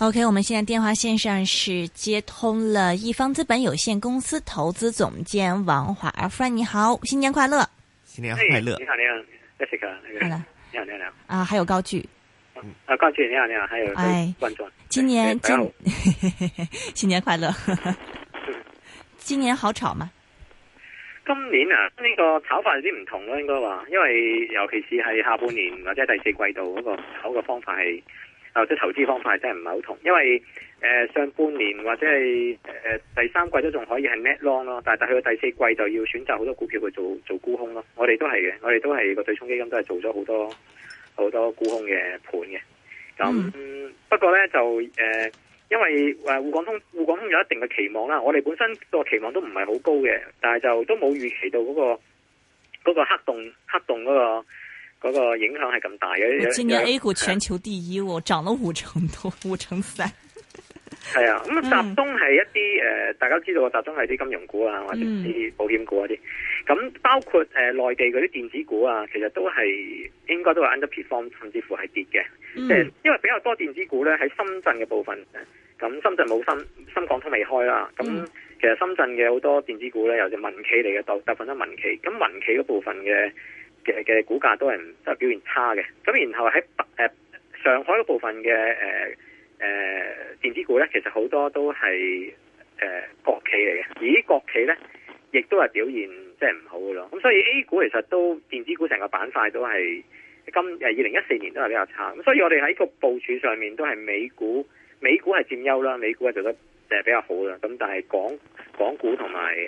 OK，我們現在電話線上是接通了一方資本有限公司投資總監王華。阿 friend 你好，新年快樂！新年快樂！你好，你好，那個，你好，你好，你好啊！還有高巨，啊，高巨你好，你好，還有哎，觀眾，今年，新年新年快樂，今年好炒嗎？今年啊，呢個炒法有啲唔同咯，應該話，因為尤其是係下半年或者係第四季度嗰個炒嘅方法係。啊！即係投資方法真係唔係好同，因為誒、呃、上半年或者係誒、呃、第三季都仲可以係 net long 咯，ong, 但係去到第四季就要選擇好多股票去做做沽空咯。我哋都係嘅，我哋都係個對沖基金都係做咗好多好多沽空嘅盤嘅。咁不過咧就誒、呃，因為誒滬、呃、港通滬港通有一定嘅期望啦。我哋本身個期望都唔係好高嘅，但係就都冇預期到嗰、嗰個、嗰個黑洞黑洞、嗰個。嗰個影響係咁大嘅。我今年 A 股全球第一哦，漲咗五成多，五成三。係啊，咁集中係一啲誒，大家知道嘅集中係啲金融股啊，或者啲保險股嗰啲。咁、嗯嗯、包括誒內地嗰啲電子股啊，其實都係應該都係 underperform，甚至乎係跌嘅。即係、嗯、因為比較多電子股咧喺深圳嘅部分，咁深圳冇深深港通未開啦。咁、嗯嗯、其實深圳嘅好多電子股咧，又係民企嚟嘅，多大部分都係民企。咁民企嗰部分嘅。嘅嘅股價都係表現差嘅，咁然後喺誒、呃、上海嗰部分嘅誒誒電子股咧，其實好多都係誒、呃、國企嚟嘅，而啲國企咧亦都係表現即係唔好嘅咯。咁所以 A 股其實都電子股成個板塊都係今誒二零一四年都係比較差。咁所以我哋喺個部署上面都係美股美股係佔優啦，美股係做得誒比較好啦。咁但係港港股同埋誒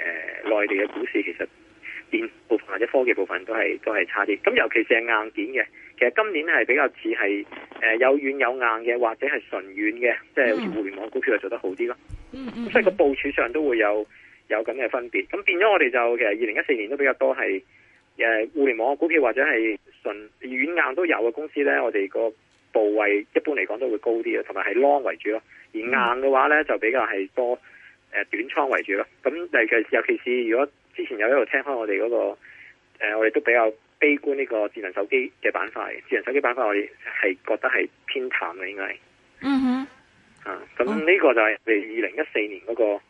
內地嘅股市其實。電部分或者科技部分都係都係差啲，咁尤其是係硬件嘅，其實今年係比較似係誒有軟有硬嘅，或者係純軟嘅，即係好似互聯網股票就做得好啲咯。嗯嗯、mm，所以個部署上都會有有咁嘅分別。咁變咗我哋就其實二零一四年都比較多係誒、呃、互聯網股票或者係純軟硬都有嘅公司咧。我哋個部位一般嚟講都會高啲嘅，同埋係 long 為主咯。而硬嘅話咧就比較係多誒、呃、短倉為主咯。咁尤其是尤其是如果。之前有一度聽返我哋嗰、那個，誒、呃，我哋都比較悲觀呢個智能手機嘅板塊，智能手機板塊我哋係覺得係偏淡嘅應該係。嗯哼，啊，咁呢個就係嚟二零一四年嗰、那個，嗰、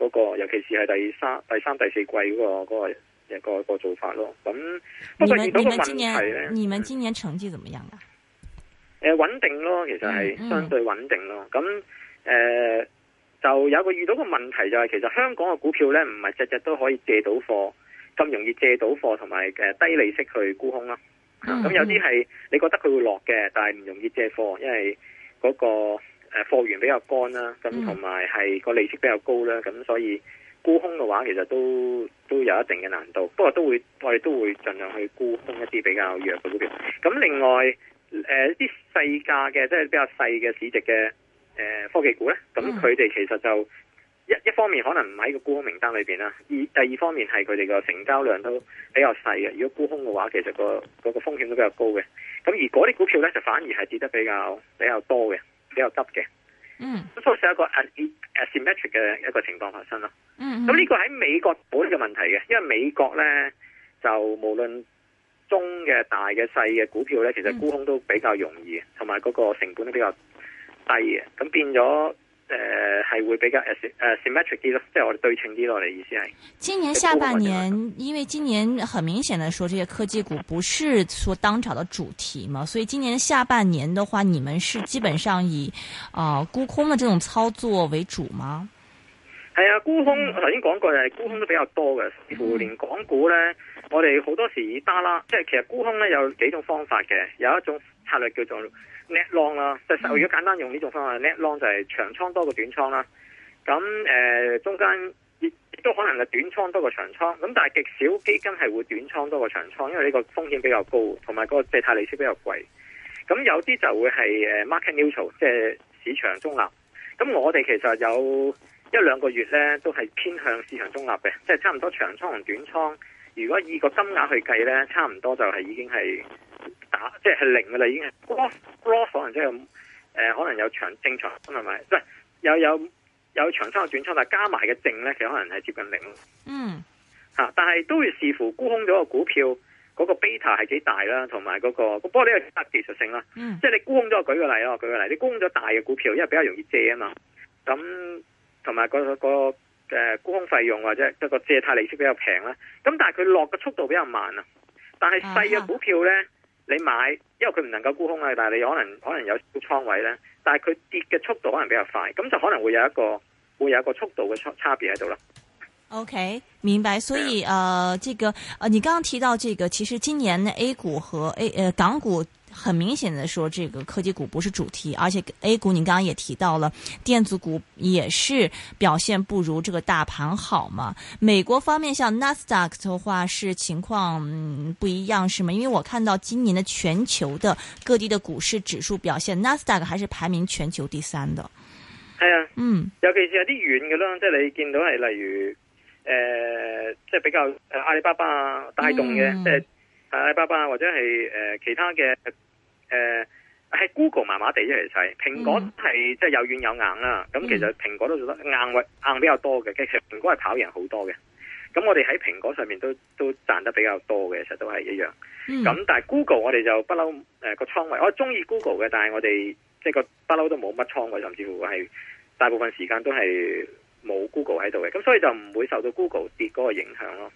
那個尤其是係第三、第三、第四季嗰、那個嗰、那個、那個、那個做法咯。咁，不過你們個你們今年你們今年成績怎麼樣啊？誒、呃，穩定咯，其實係相對穩定咯。咁、嗯嗯，誒、嗯。呃就有個遇到個問題就係，其實香港嘅股票呢，唔係日日都可以借到貨咁容易借到貨，同埋誒低利息去沽空啦。咁有啲係你覺得佢會落嘅，但係唔容易借貨，因為嗰個誒貨源比較乾啦，咁同埋係個利息比較高啦。咁所以沽空嘅話，其實都都有一定嘅難度。不過都會我哋都會盡量去沽空一啲比較弱嘅股票。咁另外誒啲細價嘅，即係比較細嘅市值嘅。誒，科技股咧，咁佢哋其實就一一方面可能唔喺個沽空名單裏邊啦，二第二方面係佢哋個成交量都比較細嘅。如果沽空嘅話，其實個嗰個風險都比較高嘅。咁而嗰啲股票咧，就反而係跌得比較比較多嘅，比較急嘅。嗯，咁所以係一個誒 asymmetric 嘅一個情況發生咯。咁呢個喺美國本嘅問題嘅，因為美國咧就無論中嘅、大嘅、細嘅股票咧，其實沽空都比較容易，同埋嗰個成本都比較。低嘅，咁變咗誒，係、呃、會比較誒 symmetric、呃呃、啲咯，即係我哋對稱啲咯。我哋意思係今年下半年，嗯、因為今年很明顯的說，這些科技股不是說當場的主題嘛，所以今年下半年的話，你們是基本上以啊、呃、沽空的這種操作為主嗎？係啊、嗯，沽空、嗯，我頭先講過就沽空都比較多嘅，連港股咧，我哋好多時打啦，即係其實沽空咧有幾種方法嘅，有一種策略叫做。net long 啦，即係如果簡單用呢種方法，net long 就係長倉多過短倉啦。咁誒、呃，中間亦亦都可能係短倉多過長倉。咁但係極少基金係會短倉多過長倉，因為呢個風險比較高，同埋嗰個借貸利息比較貴。咁有啲就會係誒 market neutral，即係市場中立。咁我哋其實有一兩個月咧，都係偏向市場中立嘅，即、就、係、是、差唔多長倉同短倉。如果以個金額去計咧，差唔多就係已經係。啊、即係零噶啦，已經係 growth growth 可能即係誒，可能有長正長，係咪？即係又有有，有長倉有短倉，但係加埋嘅淨咧，其實可能係接近零，嗯，吓、啊，但係都會視乎沽空咗嘅股票嗰、嗰個 beta 係幾大啦，同埋嗰個，不過呢個特技術性啦。嗯、即係你沽空咗，我舉個例咯，我舉個例，你沽空咗大嘅股票，因為比較容易借啊嘛。咁同埋嗰個誒沽空費用或者嗰個、嗰個呃、借貸利息比較平啦。咁但係佢落嘅速度比較慢啊。但係細嘅股票咧，你買，因為佢唔能夠沽空啊，但係你可能可能有倉位咧，但係佢跌嘅速度可能比較快，咁就可能會有一個會有一個速度嘅差差別喺度啦。OK，明白。所以，啊 Yeah.、呃，這個，啊、呃，你剛剛提到，這個其實今年嘅 A 股和 A，誒、呃，港股。很明顯的說，這個科技股不是主題，而且 A 股你剛剛也提到了，電子股也是表現不如這個大盤好嘛。美國方面像納斯達克的話是情況不一樣是嗎？因為我看到今年的全球的各地的股市指數表現，納斯達克還是排名全球第三的。是啊，嗯，尤其是有啲遠嘅咯，即係，你見到係例如誒，即係比較呃，阿里巴巴啊帶動嘅，嗯阿里巴巴或者係誒、呃、其他嘅誒，係 Google 麻麻地嚟睇，蘋果係、嗯、即係有軟有硬啦、啊。咁、嗯、其實蘋果都做得硬位硬比較多嘅，其實蘋果係跑贏好多嘅。咁我哋喺蘋果上面都都賺得比較多嘅，其實都係一樣。咁、嗯、但係 Google 我哋就不嬲誒個倉位，我中意 Google 嘅，但係我哋即係個不嬲都冇乜倉位，甚至乎係大部分時間都係冇 Google 喺度嘅。咁所以就唔會受到 Google 跌嗰個影響咯。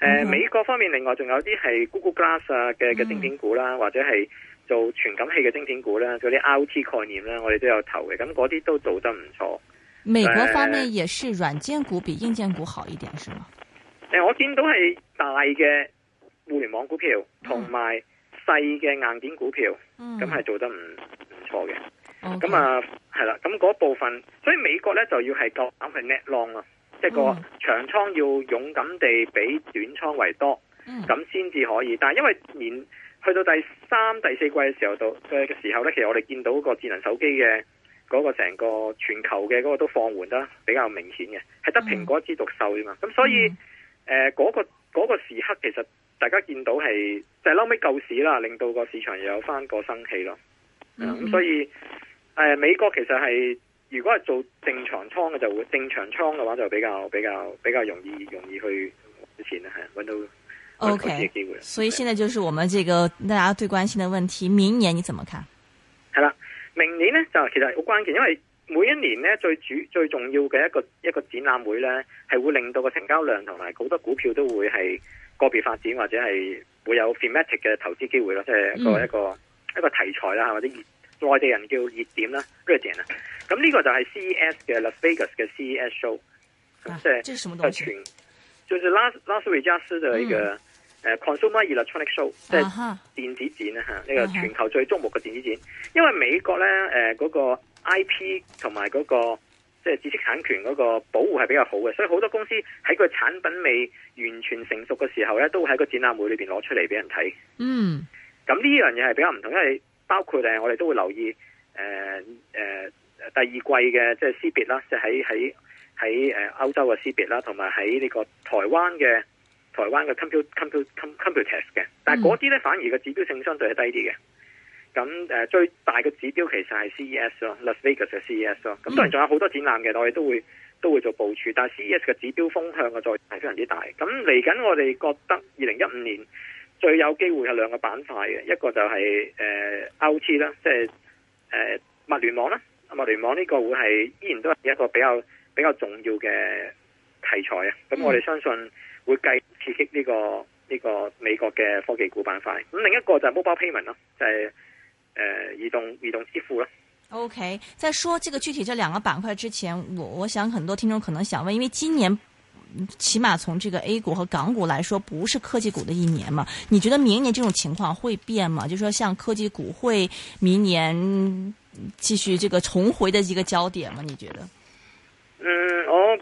誒、mm hmm. 呃，美國方面另外仲有啲係 Google Glass 啊嘅嘅晶片股啦，mm hmm. 或者係做傳感器嘅晶片股啦，啲 IOT 概念啦，我哋都有投嘅，咁嗰啲都做得唔錯。美國方面也是軟件股比硬件股好一點，是嗎？誒、呃，我見到係大嘅互聯網股票同埋細嘅硬件股票，咁係、mm hmm. 做得唔唔錯嘅。咁 Okay. 啊，係啦，咁嗰部分，所以美國咧就要係夠，啱、啊、係 net long 即係個長倉要勇敢地比短倉為多，咁先至可以。但係因為年去到第三、第四季嘅時候，到嘅時候呢，其實我哋見到個智能手機嘅嗰個成個全球嘅嗰個都放緩得比較明顯嘅，係得蘋果一枝獨秀啊嘛。咁、嗯、所以嗰、嗯呃嗰個嗰、嗰個、時刻其實大家見到係就係嬲尾救市啦，令到個市場又有翻個生氣咯。咁、嗯嗯、所以、呃、美國其實係。如果係做正常倉嘅，就會正常倉嘅話就比較比較比較容易容易去搵錢啦，係搵到投資嘅機會。Okay. 的所以現在就是我們這個大家最關心的問題，明年你怎麼看？係啦，明年呢就其實好關鍵，因為每一年呢，最主最重要嘅一個一個展覽會呢，係會令到個成交量同埋好多股票都會係個別發展或者係會有 thematic 嘅投資機會咯，即係一個一個、嗯、一個題材啦，或者。內地人叫熱點啦，熱點啦。咁呢個就係 CES 嘅 Las Vegas 嘅 CES Show，啊、即係全就是拉斯拉斯維加斯嘅呢、這個誒、嗯、呃、Consumer Electronic Show，即係電子展啊吓，呢個全球最矚目嘅電子展。因為美國咧，誒、呃、嗰、那個 IP 同埋嗰個即係、就是、知識產權嗰個保護係比較好嘅，所以好多公司喺佢產品未完全成熟嘅時候咧，都喺個展覽會裏邊攞出嚟俾人睇。嗯，咁呢樣嘢係比較唔同，因為。包括咧，我哋都會留意誒誒、呃呃、第二季嘅即係 CeBIT 啦，即係喺喺喺誒歐洲嘅 CeBIT 啦，同埋喺呢個台灣嘅台灣嘅 computer computer computer test 嘅。但係嗰啲咧，反而個指標性相對係低啲嘅。咁誒、呃、最大嘅指標其實係 CES 咯，Las Vegas 嘅 CES 咯。咁當然仲有好多展覽嘅，我哋都會都會做部署。但係 CES 嘅指標風向嘅作用係非常之大。咁嚟緊我哋覺得二零一五年，最有機會係兩個板塊嘅，一個就係誒 IoT 啦，即係誒物聯網啦，物聯網呢個會係依然都係一個比較比較重要嘅題材啊。咁我哋相信會繼刺激呢個呢、嗯、個美國嘅科技股板塊。咁另一個就係 mobile payment 咯、就是，就係誒移動移動支付啦。O、okay, K，在說這個具體這兩個板塊之前，我我想很多聽眾可能想問，因為今年。起碼從這個 A 股和港股來說，不是科技股的一年嘛？你覺得明年這種情況會變嗎？就是說像科技股會明年繼續這個重回的一個焦點嗎？你覺得？嗯，我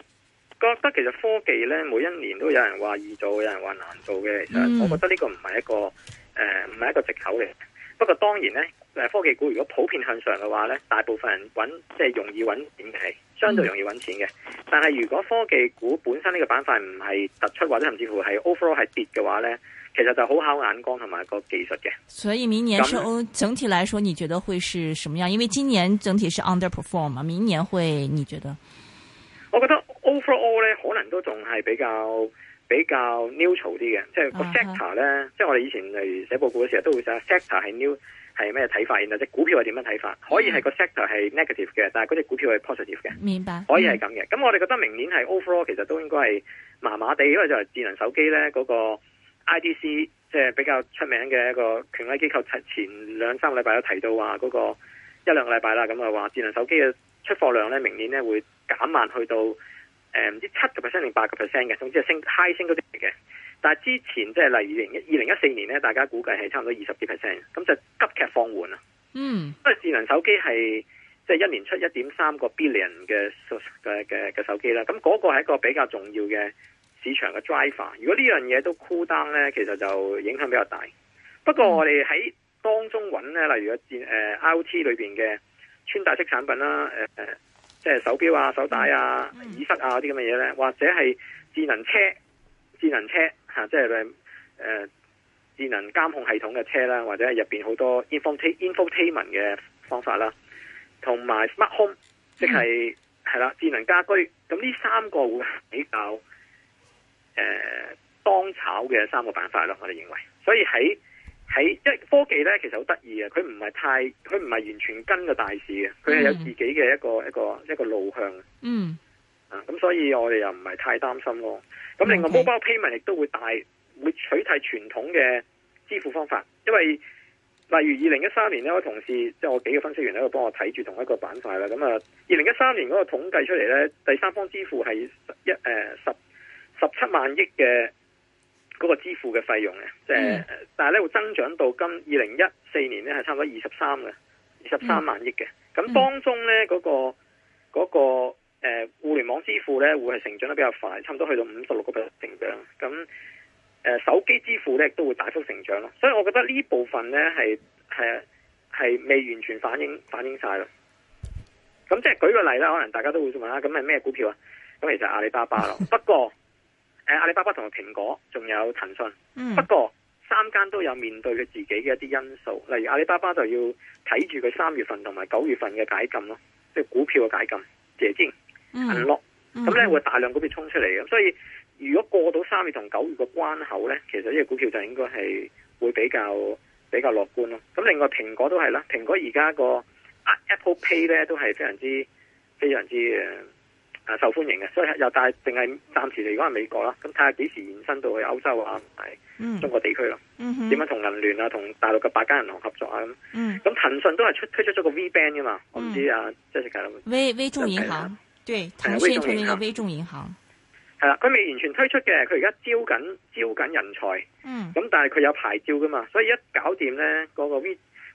覺得其實科技呢，每一年都有人話易做，有人話難做嘅。嗯，我覺得呢個唔係一個誒，呃，唔係一個借口嚟。不過當然咧，科技股如果普遍向上嘅話咧，大部分人揾即係容易揾錢嘅，相對容易揾錢嘅。但係如果科技股本身呢個板塊唔係突出，或者甚至乎係 overall 係跌嘅話咧，其實就好考眼光同埋個技術嘅。所以明年是整體來說，你覺得會是什麼樣？因為今年整體是 underperform，明年會你覺得？我覺得 overall 咧，可能都仲係比較。比較 neutral 啲嘅，即係個 sector 咧、uh huh. se，即係我哋以前嚟寫報告嘅時候都會寫，sector 係 new 係咩睇法，然後隻股票係點樣睇法，可以係個 sector 係 negative 嘅，但係嗰隻股票係 positive 嘅。明白，可以係咁嘅。咁、mm. 我哋覺得明年係 overall 其實都應該係麻麻地，因為就係智能手機咧，嗰、那個 IDC 即係比較出名嘅一個權威機構，前兩三個禮拜都提到話，嗰個一兩個禮拜啦，咁啊話智能手機嘅出貨量咧，明年咧會減慢去到。誒，唔、呃、知七個 percent 定八個 percent 嘅，總之係升 high 升嗰啲嚟嘅。但係之前即係例如二零一二零一四年咧，大家估計係差唔多二十幾 percent，咁就急劇放緩啦。嗯，因為智能手機係即係一年出一點三個 billion 嘅嘅嘅嘅手機啦，咁嗰個係一個比較重要嘅市場嘅 driver。如果呢樣嘢都 cool down 咧，其實就影響比較大。不過我哋喺當中揾咧，例如個誒 IoT 裏邊嘅穿戴式產品啦，誒、呃、誒。即係手表啊、手帶啊、耳塞、嗯嗯、啊啲咁嘅嘢咧，或者係智能車、智能車吓、啊，即係誒誒智能監控系統嘅車啦，或者係入邊好多 infotainment 嘅方法啦，同、啊、埋 smart home，即係係啦智能家居，咁呢三個會比較誒、呃、當炒嘅三個辦法咯，我哋認為，所以喺。喺即係科技咧，其實好得意嘅，佢唔係太，佢唔係完全跟個大市嘅，佢係有自己嘅一個、mm. 一個一個路向。嗯，mm. 啊，咁所以我哋又唔係太擔心咯。咁另外，mobile payment 亦都會大，會取代傳統嘅支付方法，因為例如二零一三年呢我同事即係、就是、我幾個分析員喺度幫我睇住同一個板塊啦。咁啊，二零一三年嗰個統計出嚟咧，第三方支付係一誒、呃、十十七萬億嘅。嗰個支付嘅費用嘅，即係，但係咧會增長到今二零一四年咧係差唔多二十三嘅，二十三萬億嘅。咁當中咧嗰個嗰個呃，互聯網支付咧會係成長得比較快，差唔多去到五十六個 percent 嘅成長。咁誒手機支付咧都會大幅成長咯。所以我覺得呢部分咧係係係未完全反映反映曬咯。咁即係舉個例啦，可能大家都會問啦，咁係咩股票啊？咁其實阿里巴巴咯，不過。 誒阿里巴巴同埋蘋果，仲有騰訊。嗯、不過三間都有面對佢自己嘅一啲因素，例如阿里巴巴就要睇住佢三月份同埋九月份嘅解禁咯，即係股票嘅解禁，解禁、unlock，咁咧會大量股票衝出嚟嘅。所以如果過到三月同九月嘅關口咧，其實呢個股票就應該係會比較比較樂觀咯。咁另外蘋果都係啦，蘋果而家個 Apple Pay 咧都係非常之非常之。受歡迎嘅，所以又但係淨係暫時嚟講係美國啦，咁睇下幾時延伸到去歐洲啊，係中國地區啦，點樣同銀聯啊，同大陸嘅百家銀行合作啊咁。嗯，咁騰訊都係出推出咗個 V Bank 噶嘛，我唔知、嗯、啊，即係點解啦？V V 眾銀行，啊、對騰訊同呢個 V 眾銀行，係啦，佢、啊、未完全推出嘅，佢而家招緊招緊人才。咁、嗯、但係佢有牌照噶嘛，所以一搞掂咧，嗰、那個 V。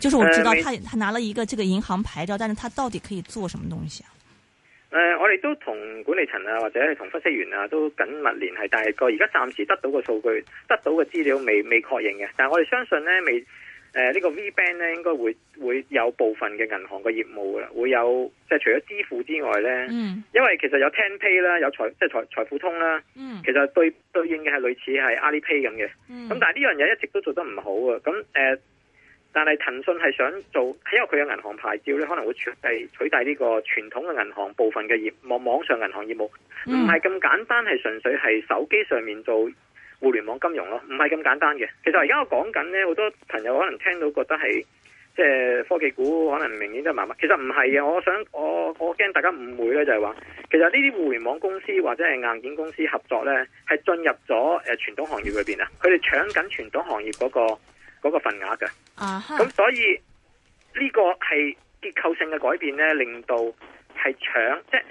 就是我知道，他他拿了一個這個銀行牌照，呃、但是他到底可以做什麼東西啊？誒、呃，我哋都同管理層啊，或者係同分析員啊，都緊密聯繫。但係個而家暫時得到個數據，得到個資料未未確認嘅。但係我哋相信咧，未誒呢、呃這個 V Bank 咧，應該會會有部分嘅銀行嘅業務啦，會有即係、就是、除咗支付之外咧，嗯、因為其實有 Ten Pay 啦，有財即係財財富通啦，其實對、嗯、對應嘅係類似係阿里 Pay 咁嘅。咁、嗯、但係呢樣嘢一直都做得唔好啊。咁誒。呃但係騰訊係想做，因為佢有銀行牌照，咧，可能會取替取代呢個傳統嘅銀行部分嘅業網網上銀行業務，唔係咁簡單，係純粹係手機上面做互聯網金融咯，唔係咁簡單嘅。其實而家我講緊咧，好多朋友可能聽到覺得係即係科技股，可能明顯都係麻麻。其實唔係嘅，我想我我驚大家誤會咧，就係話，其實呢啲互聯網公司或者係硬件公司合作咧，係進入咗誒傳統行業裏邊啊，佢哋搶緊傳統行業嗰個。嗰個份額嘅，咁、uh huh. 所以呢個係結構性嘅改變咧，令到係搶即係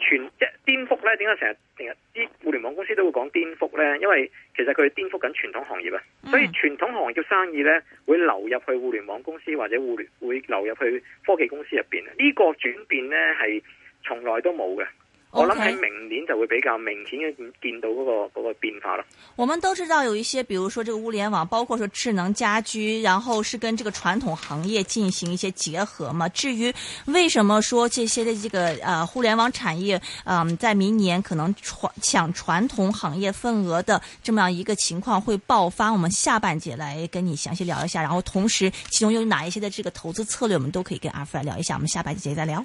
全即係顛覆咧。點解成日啲互聯網公司都會講顛覆呢？因為其實佢顛覆緊傳統行業啊。所以傳統行業嘅生意咧，會流入去互聯網公司或者互聯，會流入去科技公司入邊。這個、轉呢個轉變咧，係從來都冇嘅。Okay 我諗喺明年就會比較明顯嘅見到嗰、那個嗰、那個變化了。我們都知道有一些，比如說這個物聯網，包括說智能家居，然後是跟這個傳統行業進行一些結合嘛。至於為什麼說這些的這個，呃，互聯網產業，嗯、呃，在明年可能搶傳，傳統行業份額的這麼樣一個情況會爆發，我們下半節來跟你詳細聊一下。然後同時，其中有哪一些的這個投資策略，我們都可以跟阿富來聊一下。我們下半節再聊。